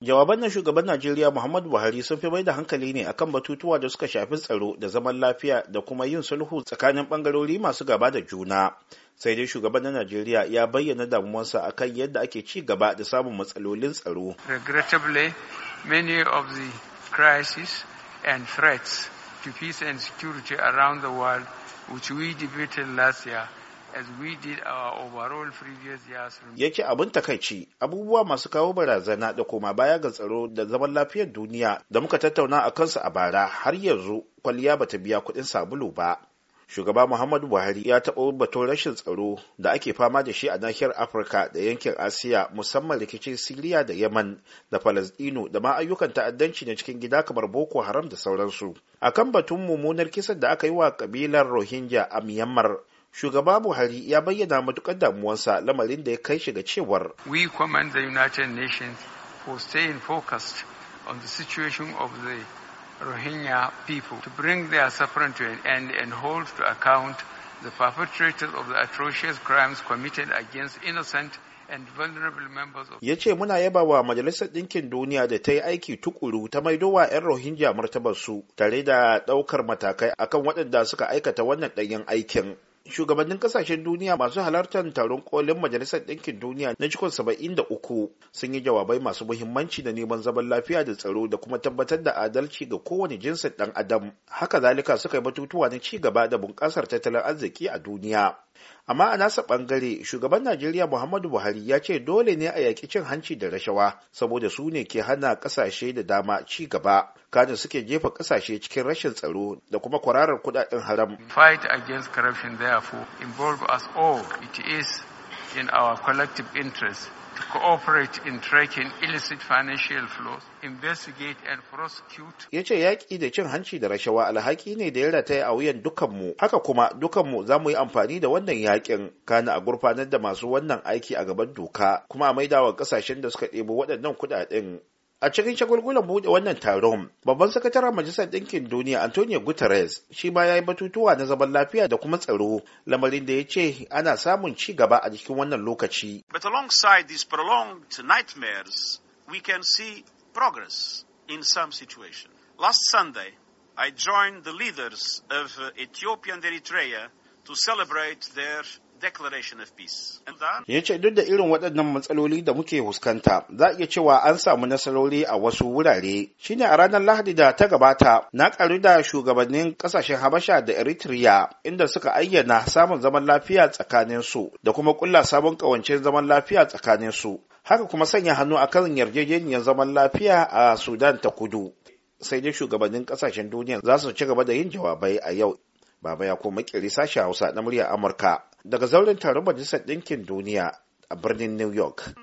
Jawaban na shugaban Najeriya Muhammadu Buhari sun fi mai da hankali ne akan batutuwa da suka shafi tsaro da zaman lafiya da kuma yin sulhu tsakanin bangarori masu gaba da juna. Sai dai shugaban na Najeriya ya bayyana damuwarsa akan yadda ake ci gaba da samun matsalolin tsaro. Regrettably, many of the crises and threats to peace and security around the world which we debated last year yake abun abin takaici abubuwa masu kawo barazana da koma baya ga tsaro da zaman lafiyar duniya da muka tattauna a kansu a bara har yanzu kwalliya bata biya kuɗin sabulu ba shugaba muhammadu buhari ya taɓa batun rashin tsaro da ake fama da shi a nahiyar afirka da yankin asiya musamman rikicin siriya da yaman da falasdino da ma ayyukan ta'addanci na cikin gida kamar boko haram da sauransu akan batun mummunar kisan da aka yi wa kabilar rohingya a myanmar shugaba buhari ya bayyana matukar damuwansa lamarin da ya kai shi ga cewar we commend the united nations for staying focused on the situation of the rohingya people to bring their suffering to an end and hold to account the perpetrators of the atrocious crimes committed against innocent ya ce muna yaba wa majalisar ɗinkin duniya da ta yi aiki tukuru ta maidowa 'yan rohingya martabarsu tare da ɗaukar matakai akan waɗanda suka aikata wannan ɗanyen aikin shugabannin kasashen duniya masu halartar taron kolin majalisar ɗinkin duniya na cikin saba'in da uku sun yi jawabai masu muhimmanci da neman zaman lafiya da tsaro da kuma tabbatar da adalci ga kowane jinsin ɗan adam haka zalika suka yi batutuwa na ci gaba da bunƙasar tattalin arziki a duniya amma a nasa ɓangare shugaban najeriya muhammadu buhari ya ce dole ne a yaƙi cin hanci da rashawa saboda su ne ke hana ƙasashe da dama ci gaba kada suke jefa ƙasashe cikin rashin tsaro da kuma kwararar kuɗaɗen haram fight against corruption there therefore involve us all. It is in our collective interest to cooperate in tracking illicit financial flows, investigate and prosecute. Ya ce yaƙi da cin hanci da rashawa alhaki ne da ya rataya a wuyan dukanmu. Haka kuma dukanmu za mu yi amfani da wannan yaƙin kana a gurfanar da masu wannan aiki a gaban doka kuma a maidawa ƙasashen da suka ɗebo waɗannan kuɗaɗen A cikin shagulgulan buɗe wannan taron, babban sakataren Majalisar Ɗinkin Duniya Antonio Guterres shi ma ya yi batutuwa na zaman lafiya da kuma tsaro, lamarin da ya ce ana samun ci gaba a cikin wannan lokaci. But alongside these prolonged nightmares, we can see progress in some situations. Last Sunday, I joined the leaders of Ethiopia and Eritrea to celebrate their declaration of peace. Ya ce duk da irin waɗannan matsaloli da muke fuskanta, za a iya cewa an samu nasarori a wasu wurare. Shine a ranar Lahadi da ta gabata, na ƙaru da shugabannin ƙasashen Habasha da Eritrea inda suka ayyana samun zaman lafiya tsakanin su da kuma ƙulla sabon ƙawancen zaman lafiya tsakanin su. Haka kuma sanya hannu a akan yarjejeniyar zaman lafiya a Sudan ta kudu. Sai dai shugabannin ƙasashen duniya za su ci gaba da yin jawabai a yau Baba ya koma makiri sashen Hausa na murya Amurka daga zauren taron Majalisar Ɗinkin Duniya a birnin New York.